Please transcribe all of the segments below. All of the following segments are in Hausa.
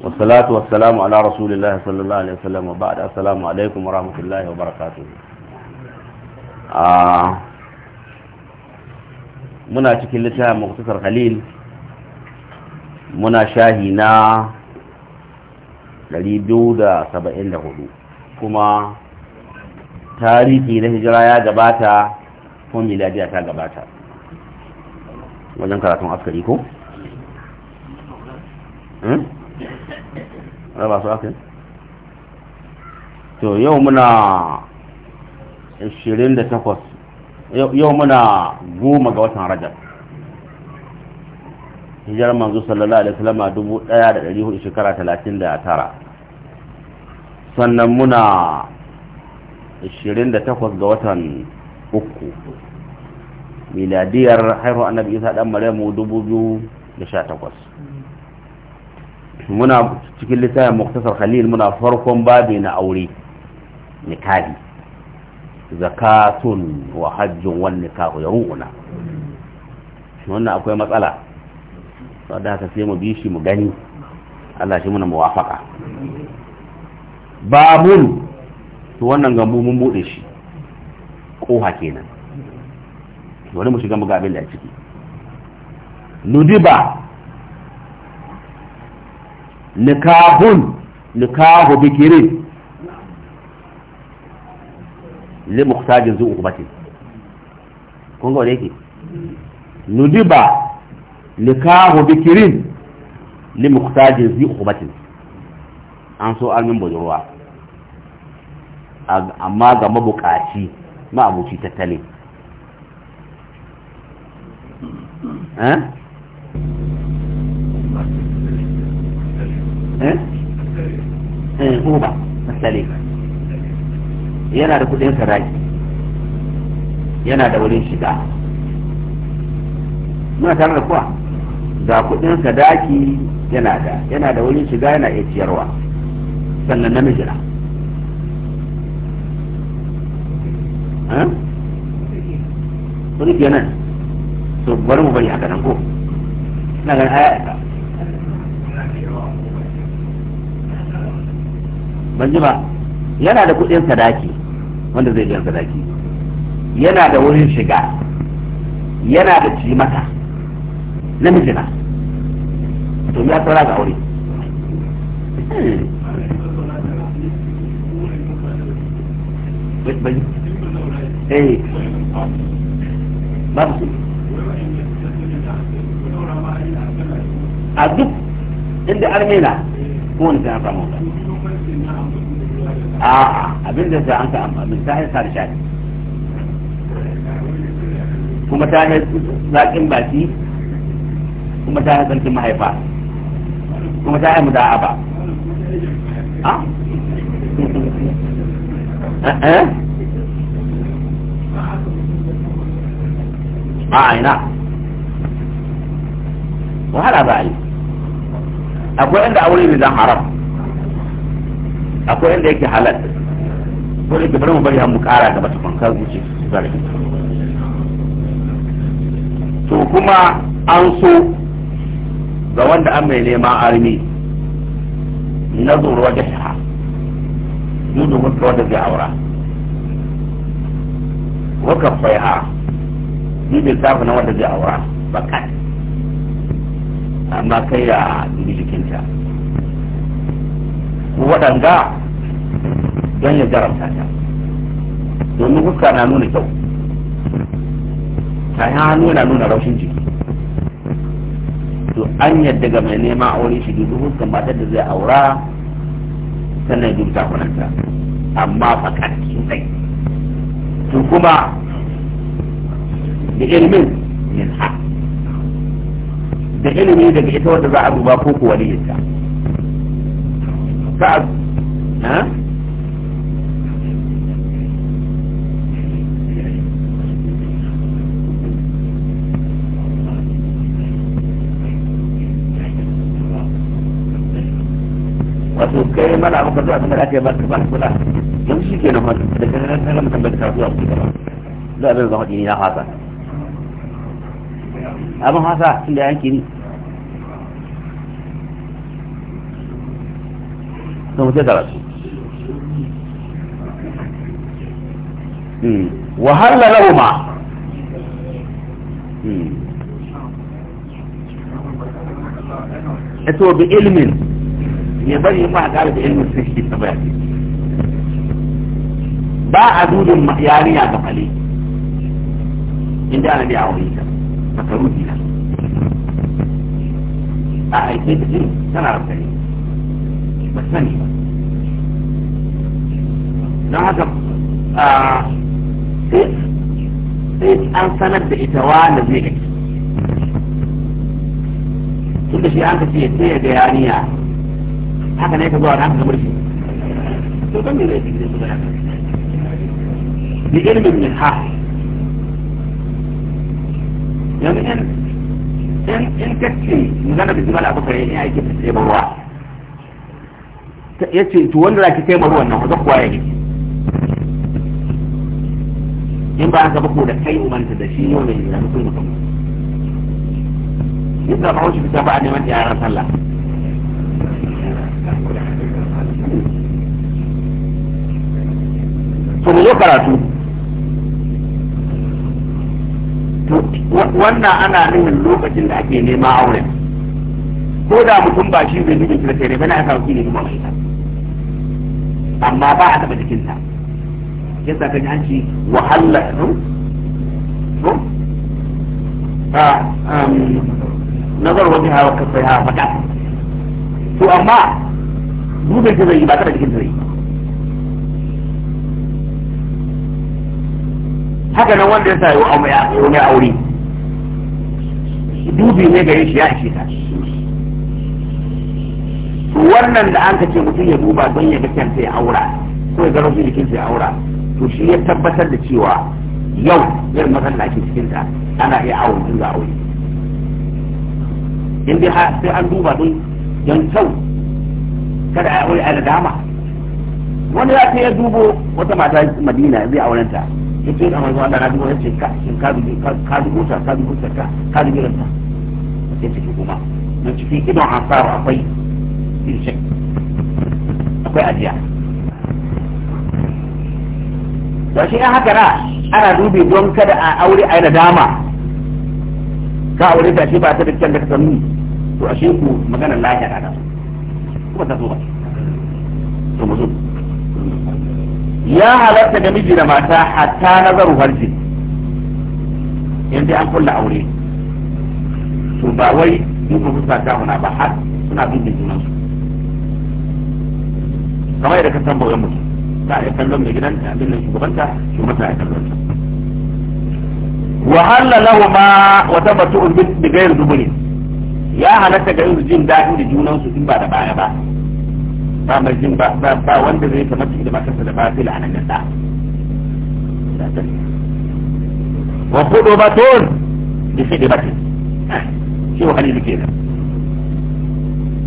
wasu salatu ala rasulullah sallallahu alaikum wa rahmatullahi wa barakatu a ah, muna cikin littafin muktasar khalil muna shahi na 274 kuma tarihi na hijira ya gabata ko miladiya ta gabata wajen karatun askari ko hmm? raba su aka to yau muna 28 yau muna goma ga watan rajab hijirar manzo sallallahu alaihi wasallam dubu 1400 da shekara talatin da tara sannan muna 28 ga watan uku miladiyar haihuwa annabi isa dan maryamu dubu biyu da sha takwas muna cikin littafin muktasar khalil muna farkon babi na aure nikahi zakatun wa hajjun wan nikahu yaruuna wannan akwai matsala saboda haka sai mu bi shi mu gani Allah shi muna muwafaka babun to wannan gambu mun bude shi koha kenan wani mu shiga mu ga abin da ciki nudiba nikahun nikahu bikirin li muhtajin zu ubati kun ga yake nudiba nikahu bikirin li muhtajin zu ubati an so almin budurwa amma ga mabukaci ma abuci tattalin eh Eh? Eh, uba misali yana da kudin saraki yana da wurin shiga muna tare da kuwa ga kudin sadaki yana da yana da wurin shiga yana iya ciyarwa sannan namiji na eh? wani kenan so bari mu bari haka nan ko na ganin aya ban ji ba yana da kuɗin sadaki wanda zai biyan sadaki yana da wurin shiga yana da cimata na na to ya tsara ga aure hmm. eh. a duk inda armena kowane sai an a abin da an ka amfani ta yi sa da shaɗi kuma ta yi zaƙin baki kuma ta yi tsarkin mahaifa kuma ta yi muda'a ba eh, eh? a aina wahala ba yi akwai inda aure ne zan haram akwai yadda yake halal ko da ke bari mu bari mu kara gaba tukun kar wuce zarafi to kuma an so ga wanda an mai neman armi na zuwa wajen shaha domin ta wanda zai aura waka ha yi bai tafi na wanda zai aura kai amma kai ya jikinta waɗanga don ya jarabta ta domin huska na nuna kyau ta hannu na nuna raushin jiki to an yadda ga mai nema aure shi dubu fuska matar da zai aura sannan ta kunanta, amma fakar kinsai to kuma da ilimin min ha da ilimi daga ita wanda za a duba ko kuwa yadda. بعد ها وكيف مالا اخبرتوا اتنا لاتي يا باكر باكر بلا يمشي كينا هاتي لكن انا لم اتنا بلا تسارتوا اخبرتوا لا ابن بغديني لا هاتا اما هاتا سلي عن كيني 那么就到了。嗯，我还来了嘛？嗯，这我被 element，也不是把它的 element 给吸走了。باع دود يعني يا بقلي إن دانا بيع وريكا فكروتي لك أعيش سنة ربكي بس ثانية لا هذا كيف كيف أنسنت بإتوان الذكر كل شيء أنت فيه سيئة ديانية حقا نيك الله أنت كل شيء تقمي ليس من حاح يوم يعني إن إن إن كتشي مغنى بزمال أبو كريني يعني أي كيف تسيب ya ce to wanda za ki kai mara wannan zan kwaya ne in ba haka ba ko da kai manta da shi yau ne da mutum mutum yadda ba wasu fita ba a neman yaran sallah to mu zo karatu wannan ana nuna lokacin da ake nema auren ko da mutum ba shi bai nufin da sai ne bana ya kawo ne kuma mai amma ba a taba jikinta yasa kan an ci wahala no ba a ah, um nazar wani hawa kasai hawa ha fata to amma dubin ta zai ba taba jikin zai haka nan wanda ya sa wa mai aure dubi ne yin shi ya ishe ta wannan da an ka ce mutum ya duba don ya ga kansa ya aura ko ya ga rashin jikinsa ya aura to shi ya tabbatar da cewa yau irin matsalar da ake cikinta ana iya awon tun da aure in dai sai an duba don don kyau kada a aure a da dama wani ya ce ya dubo wata mata madina zai aurenta ya ce da manzo Allah na dubo yace ka shin ka dubo ka dubo ta ka dubo ta ka dubo ta ka ce kuma ka cikin idon ka akwai fi akwai ajiya da shi in haka ana dubi don kada a aure a yana dama ka aure ta shi ba ta da kyan da ka sanu to a shi ku magana lafiya na kuma ta so ba to mu ya halatta da miji da mata hatta nazaru harji inda an kulla aure to ba wai duk su sa ta ba har suna dubin junansu kamar yadda ka san bauran mutum za a yi kallon mai gidan abin nan shugabanta shi mata a ya kallon ta wa halla lahuma wa tabatu bi ghayr dubuni ya halatta ga yin jin daɗi da junan su in ba da baya ba ba mai jin ba ba wanda zai kamata idan ba kasa da ba sai la'anan da wa kudu batun bi da batin shi wa halilu kenan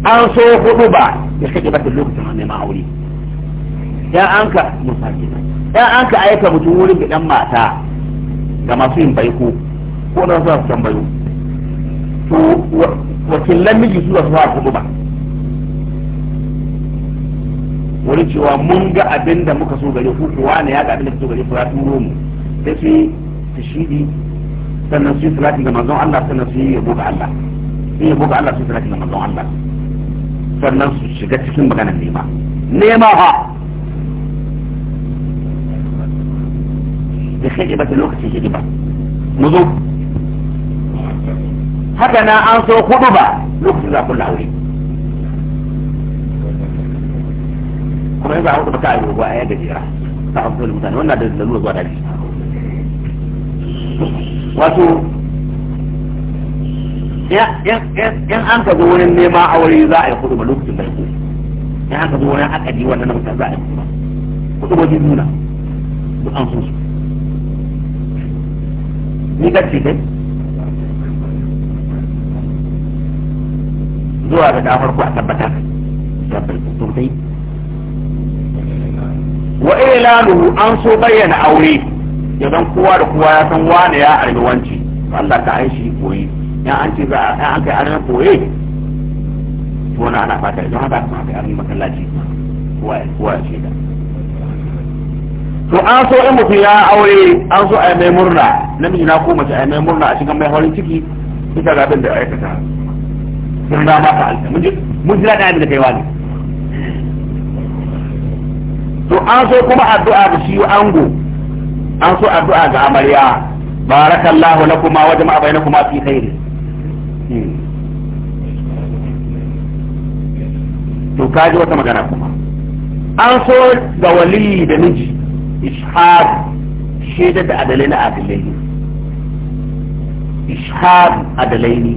an so kudu ba da sai batin lokacin wannan ma'auri ya an ka ya an ka aika mutum wurin bidan mata ga masu yin baiko ko na zuwa su bayo to wakil miji su da su kudu ba wani cewa mun ga abin da muka so gare ku kuwa ne ya ga abin da so gare ku ya turo mu sai su yi tashidi sannan su yi salatin ga manzon Allah sannan su yi yabo ga Allah su yi yabo ga Allah su yi salatin ga manzon Allah sannan su shiga cikin maganar nema nema ha بخدمة الوقت خدمة نذوب هكذا أنا أنصر خدمة لوقت ذا كل أولي كما يبقى عوض بكائر هو آية جديرة تعرض كل مثال وانا دلوه الوضع لي واسو يا يا يا انت تقول اني ما اول يذاع يخذ ملوك في البيت يا انت تقول انا اكدي وانا متذاع خذ وجه منا بانفسك ni ka ce kai zuwa ga damar ku a tabbata sabbin sosai wa ilalu an so bayyana aure idan kowa da kowa ya san wane ya arbi wanci Allah ka shi koyi ya an ce za a an kai arbi koyi to na ana fata idan haka kuma kai arbi masallaci kowa ya kowa ya shaida to an so in mutum ya aure an so a mai murna namiji na ko mace a mai murna a cikin mai horin ciki ita ga abin da aikata sun da ma fa'alta mun jira da abin da kai ne to an so kuma addu'a da shi ango an so addu'a ga amarya barakallahu lakuma wa jama'a bainakum fi khairi to kaji wata magana kuma an so ga wali da miji ishaq shi da adalai na adalai ishaq adalaini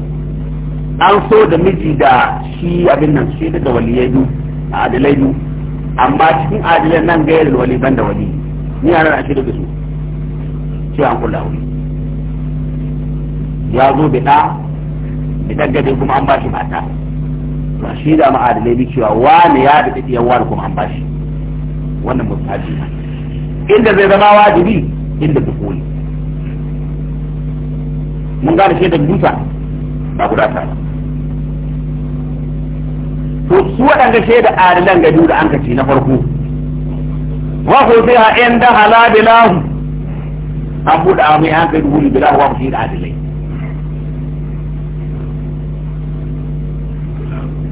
an so da miji da shi abin nan shi da a adalaini amma cikin adilan nan ga da wali ban da wali ni a ran a da su ce an kula wuri ya zo bi ɗa bi daggade kuma an ba shi mata to shi da ma adalai bi cewa wani ya da ɗiɗi wani kuma an ba shi wannan mustahabi inda zai zama wajibi inda dukuli mun gane shaidar dusa ba guda ta to su waɗanda shaida adilan ga da an kaci na farko wa ko sai ha inda halabilahu an buɗa mai an kai dubu bilahu wa ku shaida adilai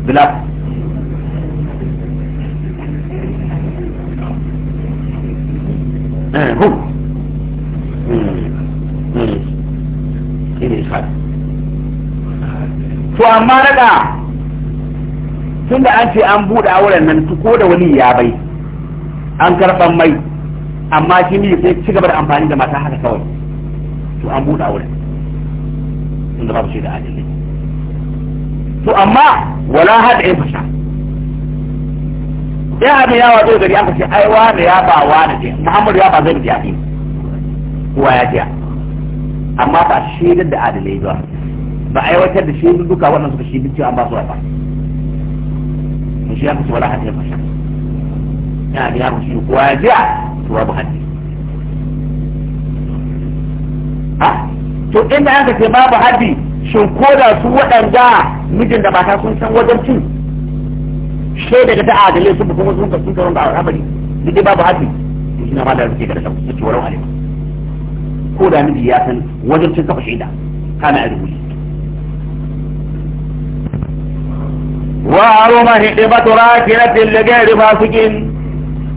bilahu Eh, amma naɗa tun da an ce an buɗe auren nan ko da wani ya bai an karɓan mai amma shi ne sai ci gaba da amfani da mata haka kawai to an buɗe auren tun da babu shi da adalci to amma wala hada ya fasha ya abin ya wato gari an kashe ai wani ya ba wani ne muhammadu ya ba zai biya ne kowa ya biya amma ba shaidar da adalai ba ba aiwatar da shaidu duka wannan suka shaidu cewa an ba su rafa mun shi aka ce wala hadda ya fashe ya ga yaro shi ko ajiya to babu hadda ah to inda aka ce babu haddi shin ko da su waɗanda mijin da mata sun san wajen cin daga da ta'a gale su kuma sun ka kasu karon da al'amari duk babu haddi to shi na ma da suke ga da su ce warau alima ko da miji ya san wajen cin kafa shaida kana a rubuce وعلم هدمة راكنة لغير فاسقين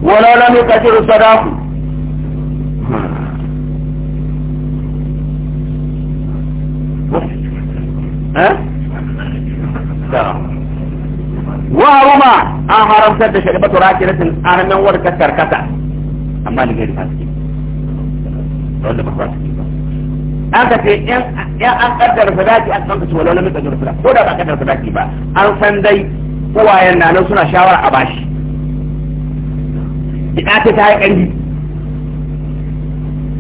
ولا لم يكثر الصداق ها؟ وهرم هرم سد شربة راكنة أنا من ورك كركسة أما لغير فاسقين aka ce in an kaddara sadaki an san su walau lamin kaddara sadaki ko da ba kaddara sadaki ba an san dai uwayen nan suna shawara a bashi ita ce ta yi kanji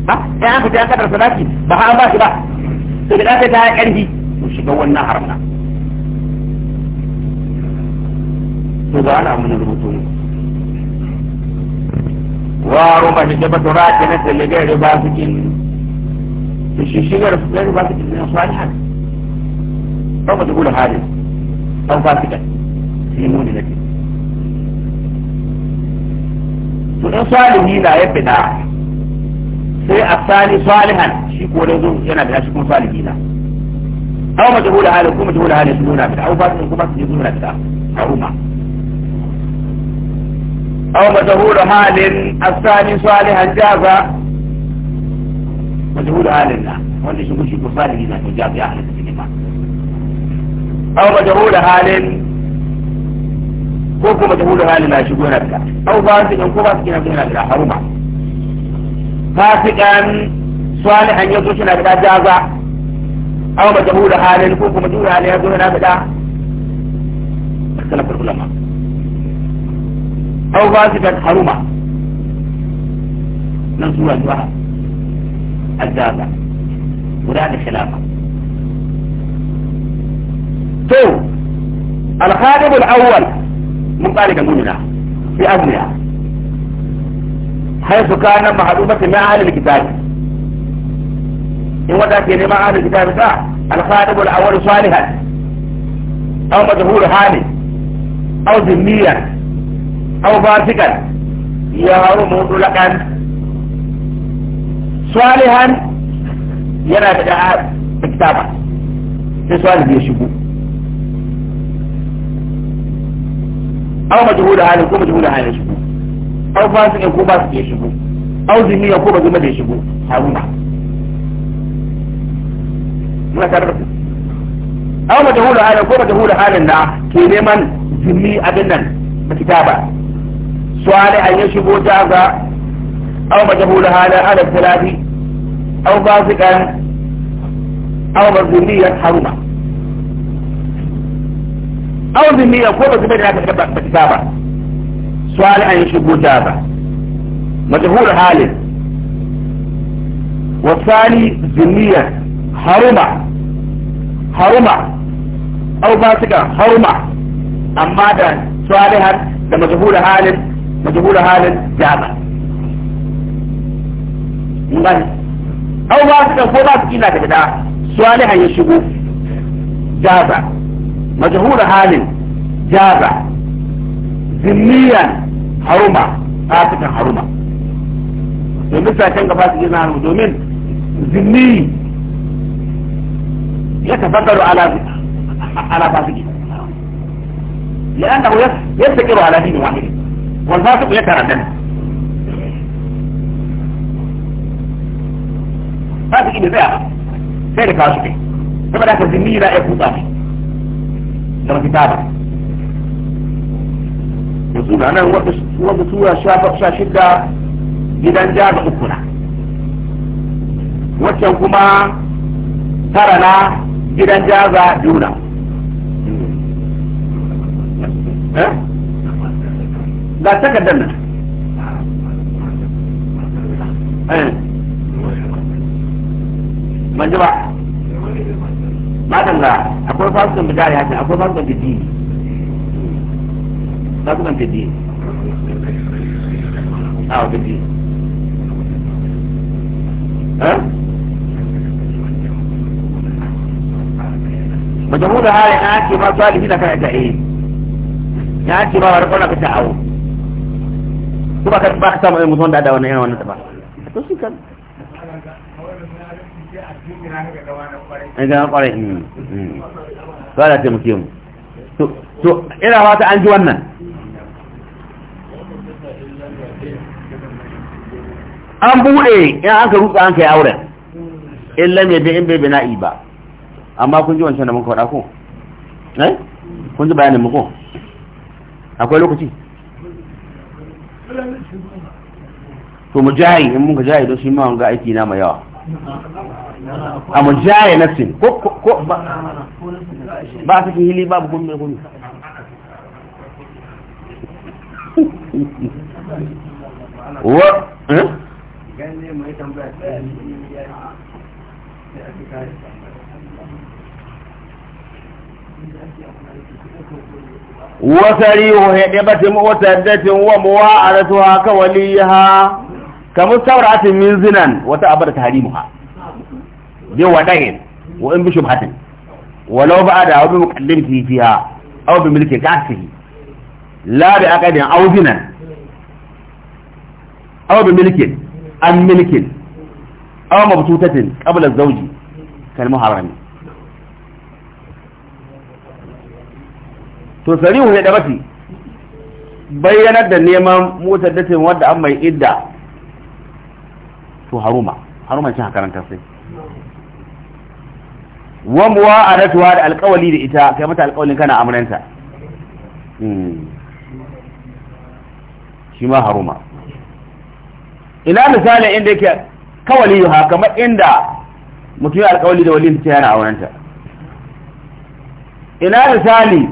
ba in aka ce an kaddara sadaki ba an bashi ba to ita ce ta yi kanji to shiga wannan haramna to ga ana mun rubutu ne wa ruba shi da batura ke ne tele ba su cikin الشجرة الفلانية وافقت من صالحا أو تقول هذه أو فاسدة في مولدك فإن صالحي لا يبدع sai a sani salihan shi ko dai zo yana da shi kuma salihi na aw ma tahula hali kuma tahula hali sun nuna bid'a aw fatin kuma su nuna bid'a haruma aw ma tahula halin asani salihan jaza مجهول أهل الله وأن يشوف شيء كفار إذا تجاب جاب أهل السينما أو مجهول أهل كوكو مجهول أهل لا يشوفون أبدا أو فاسق أو فاسق أو فاسق أو حرمة فاسقا صالحا يدرسنا بلا جازا أو مجهول أهل كوكو مجهول أهل يدرسنا بلا اختلف العلماء أو فاسقا حرمة نصورة واحد الدابة وده الخلافة تو الخادم الأول من طالق جموننا في أبنها حيث كان معلومة مع أهل الكتاب إن وذاك يعني مع أهل الكتاب ذا الخادم الأول صالحا أو مجهول حالي أو ذميا أو فاسقا يا موضوع لك أنت salihan yana da ɗaya da kitaba sai salih ya shigo aw majhul halin ko majhul halin shigo aw fasikin ko fasik ya shigo aw zimiya ko ba da ya shigo haruna muna tare da ku aw majhul halin ko majhul halin na ke neman zimi abin nan da kitaba salihan ya shigo ta ga aw majhul halin ala salati او باثقا او مظلمية حرومة او مظلمية كوبا تبدأ بكتابة سؤال عن يشبه تابة مجهول حالي والثاني ذمية حرمة حرمة أو باسكة حرمة أما ده سؤالها ده مجهول حال مجهول حال جابة au ba su ko ba su kila daga da salihan ya shigo jaza majhur halin jaza zimmiyan haruma fasikan haruma domin saken gaba su gina haruma domin zimmi ya tafaddaru ala ala fasiki لأنه يستقر على دين واحد والفاسق يتردد fasiki da tsaya sai da kawo shi kai saboda haka zimmi na iya kutsa shi da mafita ba da suna nan wata sura sha shida gidan ja da uku na waccan kuma tara na gidan jaza biyu na ga takardar nan ban ji ba madan ga akwai fasikan bidari hakan akwai fasikan bidini fasikan bidini a bidini eh majmuda hali na ce ma salihin ka ta eh ya ce ma warkon ka ta awo ba ka ba ka samu mutum da da wannan yana wannan ta ba to shi kan an gama kwarai ba hmm, hmm. da taimake mu to ina wata an ji wannan an buɗe in an ka rutsa an kai auren in lam yadda in bai bina'i ba amma kun ji wancan da muka faɗa ko eh kun ji bayanin mu ko akwai lokaci to mu jahi in mun ka jahi don shi ma wanga aiki na mai yawa a mu jaye na sin ko ba su hili babu gumi gumi wa wasari eh? wa haɗe batin wata datin wa muwa a rasuwa kawaliya kamar sauratin min zinan wata abar ta harimuha ha. wadahin wa in bishu hatin walau ba'ada wa bi muqallin fiha aw bi milki kasihi la bi aqadin aw nan, aw bi milkin an milkin aw mabtutatin qabla zawji kal muharrami to sarihu ne da bati bayyanar da neman motar datin wadda an mai idda to haruma haruma ce karanta sai wa muwa'adatuha da alƙawali da ita kai mata alƙawalin kana amranta hmm. shi ma haruma ina misali inda yake kawali ha kamar inda mutum ya alƙawali da wali ta yana aurenta ina misali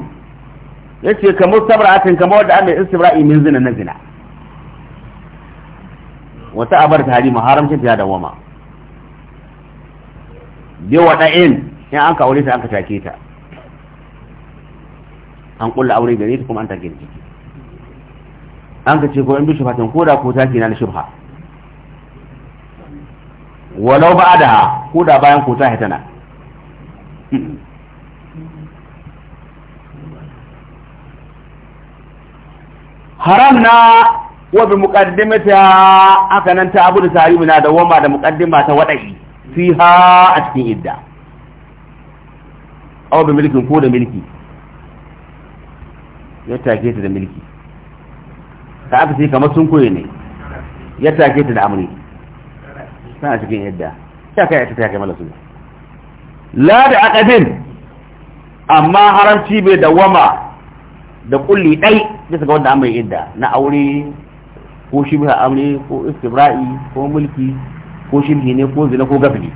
yace kamar sabratin kamar wanda an mai istibra'i min zina na zina wata abar ta harima haramcin ta ya wama bi wada'in in an ka aure ta an ka take ta an kulla aure gare ta kuma an take ta an ka ce ko in bi shubhatan ko da ko take na shubha walau ba'daha ko da bayan ko ta hitana haram na wa bi muqaddimata aka nan ta abu da tarihi na da wama da muqaddima ta wadai fiha a cikin idda aw bi milkin ko da milki ya take ta da milki ka aka sai kamar sun koye ne ya take ta da amri a cikin idda ta kai ta take mala sunna la da aqadin amma haramci bai da wama da kulli dai bisa ga wanda amai idda na aure ko bisa amri ko istibra'i ko mulki ko shibhi ne ko zina ko gafili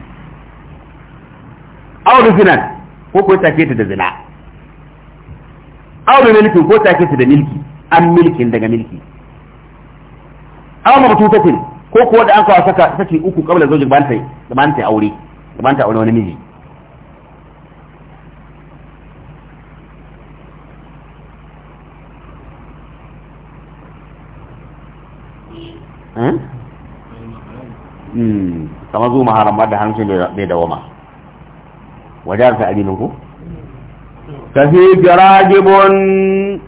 aure zinan ko ko take ta da zina aure mulki ko take ta da milki an milkin daga milki aw mabtutatin ko ko da an kawo saka saki uku kabla zojin ban da ban ta aure ban ta aure wani miji Eh? Hmm, kamar zuwa ba da hancin bai dawama wajen ta abinin ku fi jiragibon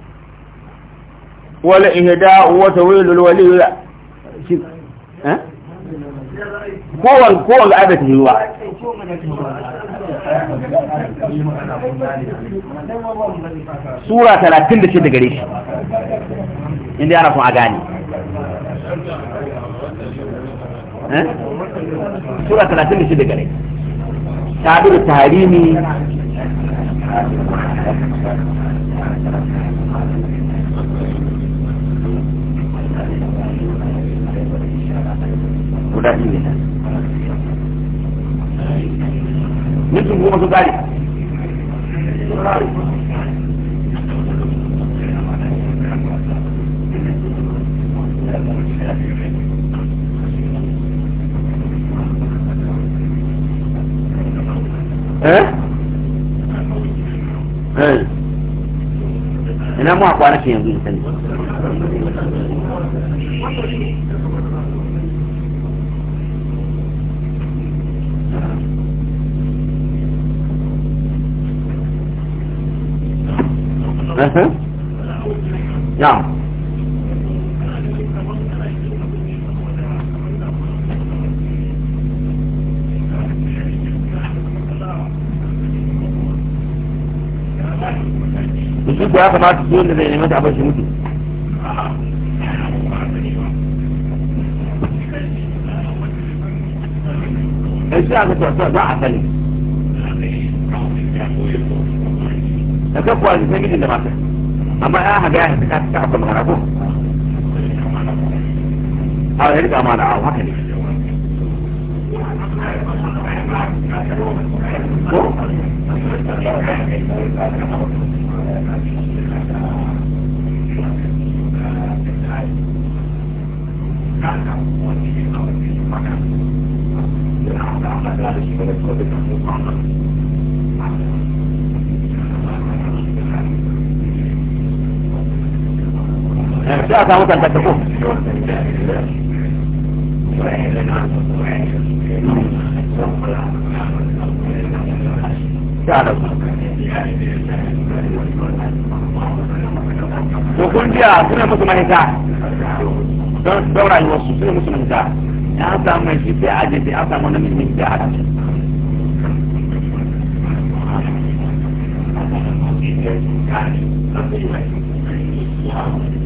wala ihda wa tawilul wali shi eh kowan kowan ga ta wa? sura 36 gare shi inda ana kun a gani Eh? sura talatin da shida gare ta bi da guda biyu ne mutum goma su gari Thank you. eh eh ina mu akwa nake yanzu in Uh-huh. Eh, eh? Yeah. ya kamata su wanda zai nemi ta abin shi mutu in shi aka tsarsa za a sani da kan kuwa zai gidi da mata amma ya haga ya ta ta akwai magana ko a ya riga mana a haka ne ko sai a samu to kun jiya suna musu mahita don rayuwarsu suna musu mahita ya samu mai shi sai aje sai a samu namijin da a cikin Thank you.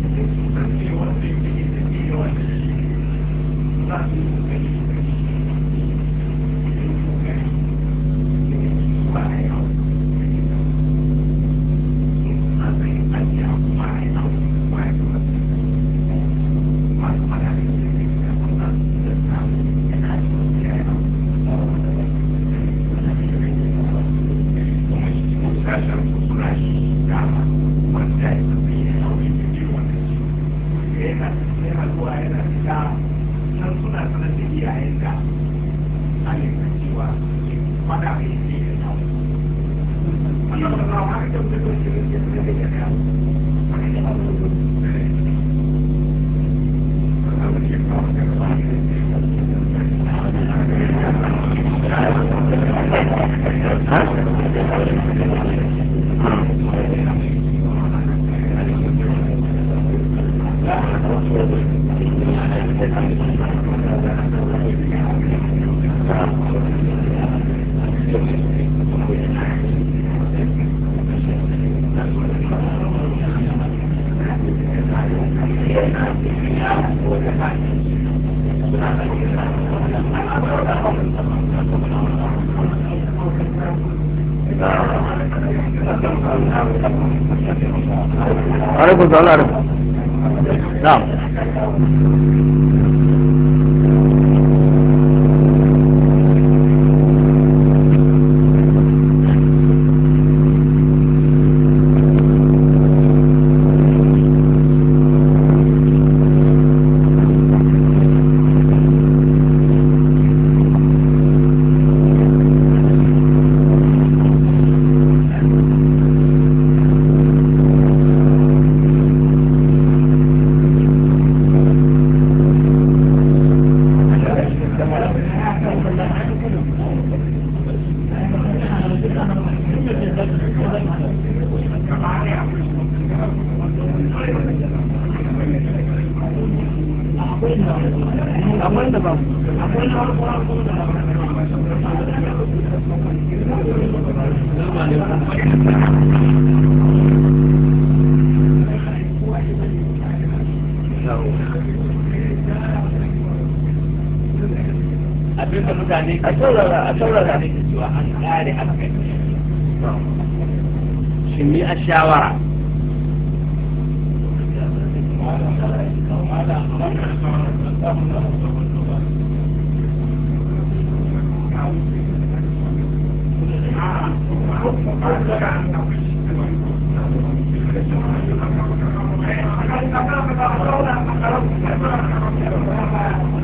عليكم ورحمة الله وبركاته نعم abinda mutane a saurara a saurara ne cewa an kare hakan shi ni a shawara Thank you.